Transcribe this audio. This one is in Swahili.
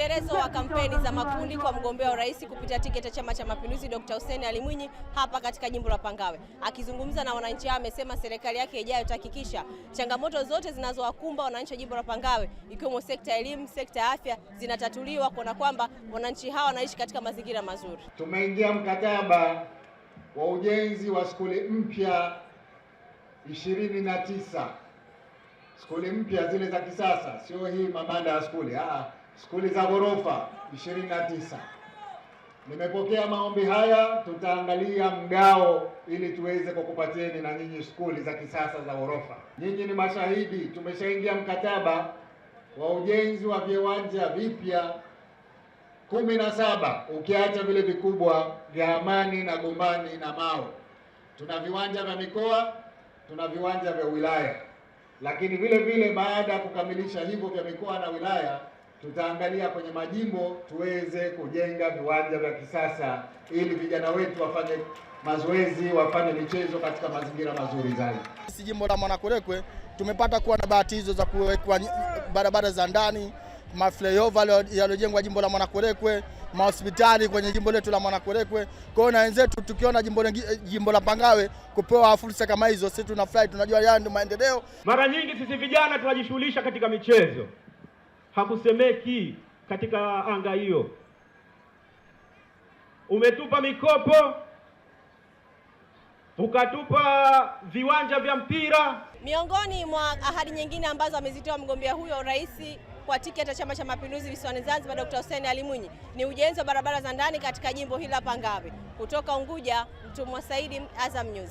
mwendelezo wa kampeni za makundi kwa mgombea wa urais kupitia tiketi ya Chama cha Mapinduzi Dr. Hussein Ali Mwinyi hapa katika jimbo la Pangawe. Akizungumza na wananchi hao, amesema serikali yake ijayo itahakikisha changamoto zote zinazowakumba wananchi wa jimbo la Pangawe ikiwemo sekta ya elimu, sekta ya afya zinatatuliwa kuona kwamba wananchi hawa wanaishi katika mazingira mazuri. Tumeingia mkataba wa ujenzi wa skuli mpya ishirini na skuli mpya zile za kisasa, sio hii mabanda ya skuli ah skuli za ghorofa 29. Nimepokea maombi haya, tutaangalia mgao ili tuweze kukupatieni na nyinyi skuli za kisasa za ghorofa. Nyinyi ni mashahidi, tumeshaingia mkataba wa ujenzi wa viwanja vipya kumi na saba ukiacha vile vikubwa vya Amani na Gombani na Mao. Tuna viwanja vya mikoa, tuna viwanja vya wilaya, lakini vile vile baada ya kukamilisha hivyo vya mikoa na wilaya tutaangalia kwenye majimbo tuweze kujenga viwanja vya kisasa ili vijana wetu wafanye mazoezi, wafanye michezo katika mazingira mazuri zaidi. Sisi jimbo la Mwanakwerekwe tumepata kuwa na bahati hizo za kuwekwa barabara za ndani, maflyover yaliyojengwa jimbo la Mwanakwerekwe, mahospitali kwenye jimbo letu la Mwanakwerekwe. Kwa hiyo na wenzetu tukiona jimbo, jimbo la Pangawe kupewa fursa kama hizo, sisi tunafurahi, tunajua yeye ndio maendeleo. Mara nyingi sisi vijana tunajishughulisha katika michezo hakusemeki katika anga hiyo. Umetupa mikopo, ukatupa viwanja vya mpira. Miongoni mwa ahadi nyingine ambazo amezitoa mgombea huyo rais kwa tiketi ya Chama cha Mapinduzi visiwani Zanzibar, Dr. Hussein Ali Mwinyi ni ujenzi wa barabara za ndani katika jimbo hili la Pangawe. Kutoka Unguja, Mtumwa Saidi, Azam News.